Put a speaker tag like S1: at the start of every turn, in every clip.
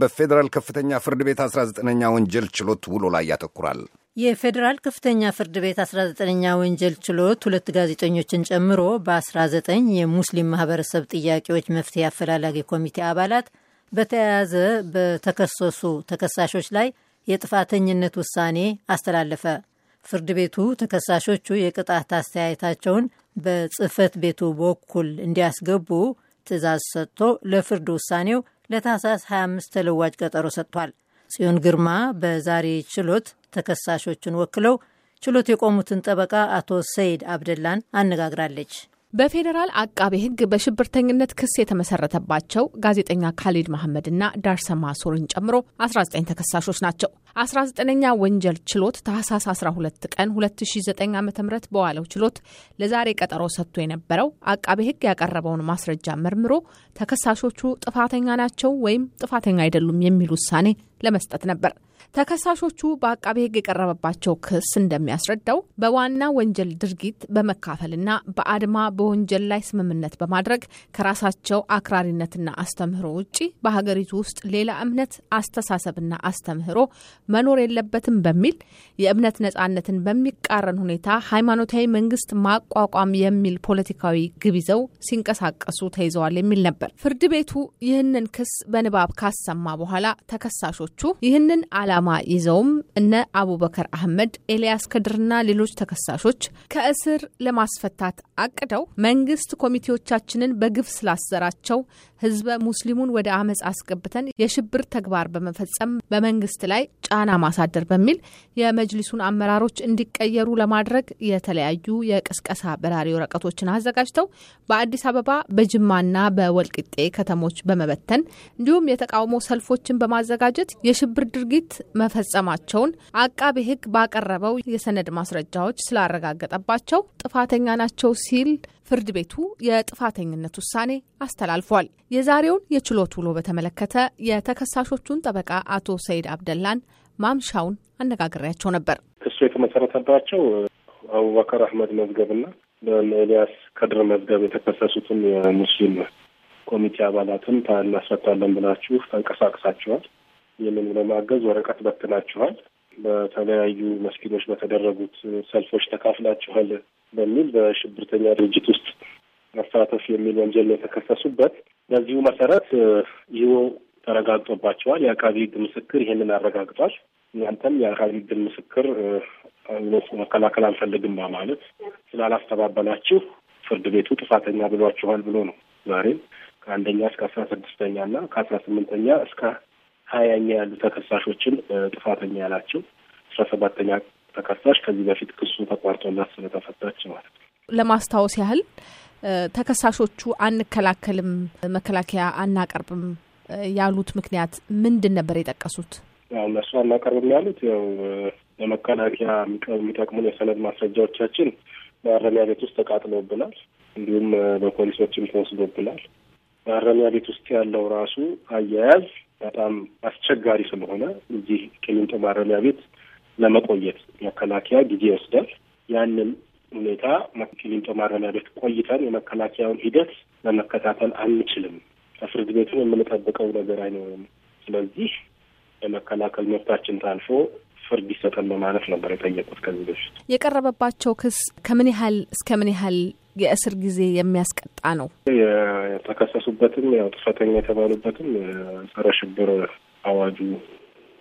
S1: በፌዴራል ከፍተኛ ፍርድ ቤት 19ኛ ወንጀል ችሎት ውሎ ላይ ያተኩራል።
S2: የፌዴራል ከፍተኛ ፍርድ ቤት 19ኛ ወንጀል ችሎት ሁለት ጋዜጠኞችን ጨምሮ በ19 የሙስሊም ማህበረሰብ ጥያቄዎች መፍትሄ አፈላላጊ ኮሚቴ አባላት በተያያዘ በተከሰሱ ተከሳሾች ላይ የጥፋተኝነት ውሳኔ አስተላለፈ። ፍርድ ቤቱ ተከሳሾቹ የቅጣት አስተያየታቸውን በጽህፈት ቤቱ በኩል እንዲያስገቡ ትዕዛዝ ሰጥቶ ለፍርድ ውሳኔው ለታህሳስ 25 ተለዋጭ ቀጠሮ ሰጥቷል። ጽዮን ግርማ በዛሬ ችሎት ተከሳሾችን ወክለው ችሎት የቆሙትን ጠበቃ አቶ ሰይድ አብደላን አነጋግራለች። በፌዴራል አቃቤ ሕግ በሽብርተኝነት ክስ የተመሰረተባቸው ጋዜጠኛ ካሊድ መሐመድና ዳርሰማ ሶሪን ጨምሮ 19 ተከሳሾች ናቸው። 19ኛ ወንጀል ችሎት ታህሳስ 12 ቀን 2009 ዓ.ም በዋለው ችሎት ለዛሬ ቀጠሮ ሰጥቶ የነበረው አቃቤ ሕግ ያቀረበውን ማስረጃ መርምሮ ተከሳሾቹ ጥፋተኛ ናቸው ወይም ጥፋተኛ አይደሉም የሚል ውሳኔ ለመስጠት ነበር። ተከሳሾቹ በአቃቤ ሕግ የቀረበባቸው ክስ እንደሚያስረዳው በዋና ወንጀል ድርጊት በመካፈልና በአድማ በወንጀል ላይ ስምምነት በማድረግ ከራሳቸው አክራሪነትና አስተምህሮ ውጪ በሀገሪቱ ውስጥ ሌላ እምነት፣ አስተሳሰብና አስተምህሮ መኖር የለበትም በሚል የእምነት ነጻነትን በሚቃረን ሁኔታ ሃይማኖታዊ መንግስት ማቋቋም የሚል ፖለቲካዊ ግብ ይዘው ሲንቀሳቀሱ ተይዘዋል የሚል ነበር። ፍርድ ቤቱ ይህንን ክስ በንባብ ካሰማ በኋላ ተከሳሾቹ ይህንን አላ ዓላማ ይዘውም እነ አቡበከር አህመድ፣ ኤልያስ ከድርና ሌሎች ተከሳሾች ከእስር ለማስፈታት አቅደው መንግስት ኮሚቴዎቻችንን በግፍ ስላሰራቸው ህዝበ ሙስሊሙን ወደ አመፅ አስገብተን የሽብር ተግባር በመፈጸም በመንግስት ላይ ጫና ማሳደር በሚል የመጅሊሱን አመራሮች እንዲቀየሩ ለማድረግ የተለያዩ የቅስቀሳ በራሪ ወረቀቶችን አዘጋጅተው በአዲስ አበባ በጅማና በወልቂጤ ከተሞች በመበተን እንዲሁም የተቃውሞ ሰልፎችን በማዘጋጀት የሽብር ድርጊት መፈጸማቸውን አቃቤ ሕግ ባቀረበው የሰነድ ማስረጃዎች ስላረጋገጠባቸው ጥፋተኛ ናቸው ሲል ፍርድ ቤቱ የጥፋተኝነት ውሳኔ አስተላልፏል። የዛሬውን የችሎት ውሎ በተመለከተ የተከሳሾቹን ጠበቃ አቶ ሰይድ አብደላን ማምሻውን አነጋግሬያቸው ነበር።
S1: ክሱ የተመሰረተባቸው አቡበከር አህመድ መዝገብና በኤልያስ ከድር መዝገብ የተከሰሱትን የሙስሊም ኮሚቴ አባላትን እናስፈታለን ብላችሁ ተንቀሳቅሳችኋል ይህንን ለማገዝ ወረቀት በትናችኋል፣ በተለያዩ መስጊዶች በተደረጉት ሰልፎች ተካፍላችኋል በሚል በሽብርተኛ ድርጅት ውስጥ መሳተፍ የሚል ወንጀል ነው የተከሰሱበት። በዚሁ መሰረት ይህ ተረጋግጦባቸዋል። የአቃቢ ሕግ ምስክር ይህንን አረጋግጧል። እናንተም የአቃቢ ሕግን ምስክር መከላከል አልፈልግም በማለት ስላላስተባበላችሁ ፍርድ ቤቱ ጥፋተኛ ብሏችኋል ብሎ ነው ዛሬም ከአንደኛ እስከ አስራ ስድስተኛ እና ከአስራ ስምንተኛ እስከ ሀያኛ ያሉ ተከሳሾችን ጥፋተኛ ያላቸው አስራ ሰባተኛ ተከሳሽ ከዚህ በፊት ክሱ ተቋርጦላት ስለተፈታች ማለት ነው።
S2: ለማስታወስ ያህል ተከሳሾቹ አንከላከልም፣ መከላከያ አናቀርብም ያሉት ምክንያት ምንድን ነበር የጠቀሱት?
S1: ያው እነሱ አናቀርብም ያሉት ያው ለመከላከያ የሚጠቅሙን የሰነድ ማስረጃዎቻችን ማረሚያ ቤት ውስጥ ተቃጥሎብናል፣ እንዲሁም በፖሊሶችም ተወስዶብናል። ማረሚያ ቤት ውስጥ ያለው ራሱ አያያዝ በጣም አስቸጋሪ ስለሆነ እዚህ ቂሊንጦ ማረሚያ ቤት ለመቆየት መከላከያ ጊዜ ይወስዳል። ያንን ሁኔታ ቂሊንጦ ማረሚያ ቤት ቆይተን የመከላከያውን ሂደት ለመከታተል አንችልም። ከፍርድ ቤቱን የምንጠብቀው ነገር አይኖርም። ስለዚህ የመከላከል መብታችን ታልፎ ፍርድ ይሰጠን በማለት ነበር የጠየቁት። ከዚህ በፊት
S2: የቀረበባቸው ክስ ከምን ያህል እስከ ምን ያህል የእስር ጊዜ የሚያስቀጣ
S1: ነው። የተከሰሱበትም ያው ጥፋተኛ የተባሉበትም ጸረ ሽብር አዋጁ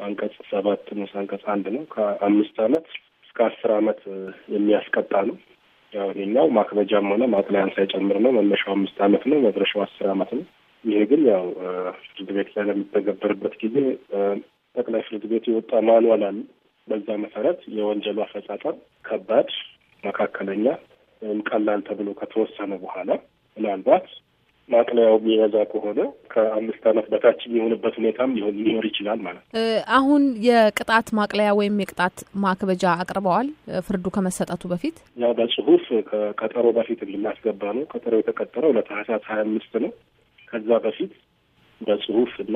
S1: አንቀጽ ሰባት ንዑስ አንቀጽ አንድ ነው ከአምስት አመት እስከ አስር አመት የሚያስቀጣ ነው። ያው ይሄኛው ማክበጃም ሆነ ማቅለያን ሳይጨምር ነው። መነሻው አምስት አመት ነው፣ መድረሻው አስር አመት ነው። ይሄ ግን ያው ፍርድ ቤት ላይ ለሚተገበርበት ጊዜ ጠቅላይ ፍርድ ቤት የወጣ ማንዋል አለ። በዛ መሰረት የወንጀሉ አፈጻጸም ከባድ፣ መካከለኛ፣ ወይም ቀላል ተብሎ ከተወሰነ በኋላ ምናልባት ማቅለያው የሚበዛ ከሆነ ከአምስት ዓመት በታች የሚሆንበት ሁኔታም ሊሆን ሊኖር ይችላል ማለት
S2: ነው። አሁን የቅጣት ማቅለያ ወይም የቅጣት ማክበጃ አቅርበዋል። ፍርዱ ከመሰጠቱ በፊት
S1: ያው በጽሁፍ ከቀጠሮ በፊት የምናስገባ ነው። ቀጠሮ የተቀጠረው ለታህሳስ ሀያ አምስት ነው። ከዛ በፊት በጽሁፍ እና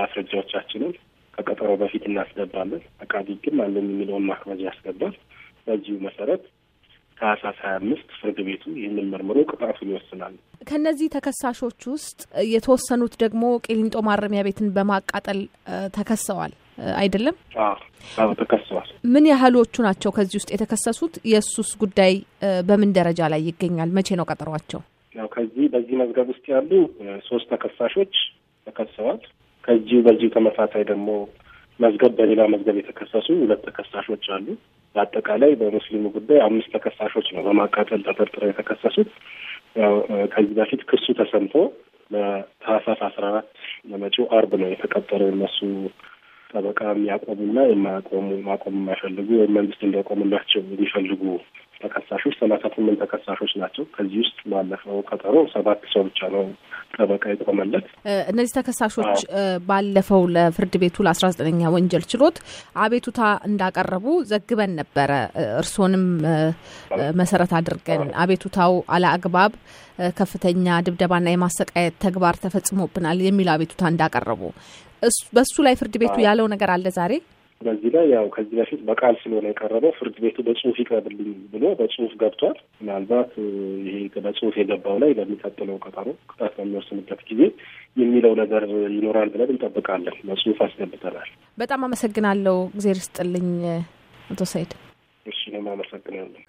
S1: ማስረጃዎቻችንን ከቀጠሮ በፊት እናስገባለን። አቃቢ ግን አለን የሚለውን ማክበጃ ያስገባል። በዚሁ መሰረት ታህሳስ ሀያ አምስት ፍርድ ቤቱ ይህንን መርምሮ ቅጣቱን ይወስናል።
S2: ከእነዚህ ተከሳሾች ውስጥ የተወሰኑት ደግሞ ቂሊንጦ ማረሚያ ቤትን በማቃጠል ተከሰዋል አይደለም? ተከሰዋል። ምን ያህሎቹ ናቸው ከዚህ ውስጥ የተከሰሱት? የእሱስ ጉዳይ በምን ደረጃ ላይ ይገኛል? መቼ ነው ቀጠሯቸው?
S1: ያው ከዚህ በዚህ መዝገብ ውስጥ ያሉ ሶስት ተከሳሾች ተከሰዋል። ከዚሁ በዚሁ ተመሳሳይ ደግሞ መዝገብ በሌላ መዝገብ የተከሰሱ ሁለት ተከሳሾች አሉ። በአጠቃላይ በሙስሊሙ ጉዳይ አምስት ተከሳሾች ነው በማቃጠል ተጠርጥረው የተከሰሱት። ከዚህ በፊት ክሱ ተሰምቶ ለታህሳስ አስራ አራት ለመጪው አርብ ነው የተቀጠረው። እነሱ ጠበቃ የሚያቆሙና የማያቆሙ ማቆም የማይፈልጉ ወይም መንግስት እንዲያቆምላቸው የሚፈልጉ ተከሳሾች ሰላሳ ስምንት ተከሳሾች ናቸው። ከዚህ ውስጥ ባለፈው ቀጠሮ ሰባት ሰው ብቻ ነው ጠበቃ የቆመለት።
S2: እነዚህ ተከሳሾች ባለፈው ለፍርድ ቤቱ ለአስራ ዘጠነኛ ወንጀል ችሎት አቤቱታ እንዳቀረቡ ዘግበን ነበረ። እርስዎንም መሰረት አድርገን አቤቱታው አለአግባብ ከፍተኛ ድብደባና የማሰቃየት ተግባር ተፈጽሞብናል የሚል አቤቱታ እንዳቀረቡ በሱ ላይ ፍርድ ቤቱ ያለው ነገር አለ ዛሬ
S1: በዚህ ላይ ያው ከዚህ በፊት በቃል ስለሆነ የቀረበው ፍርድ ቤቱ በጽሁፍ ይቅረብልኝ ብሎ በጽሁፍ ገብቷል። ምናልባት ይሄ በጽሁፍ የገባው ላይ በሚቀጥለው ቀጠሮ ቅጣት በሚወስንበት ጊዜ የሚለው ነገር ይኖራል ብለን እንጠብቃለን። በጽሁፍ አስገብተናል።
S2: በጣም አመሰግናለሁ። እግዜር ይስጥልኝ አቶ ሰይድ።
S1: እሺ፣ እኔም አመሰግናለሁ።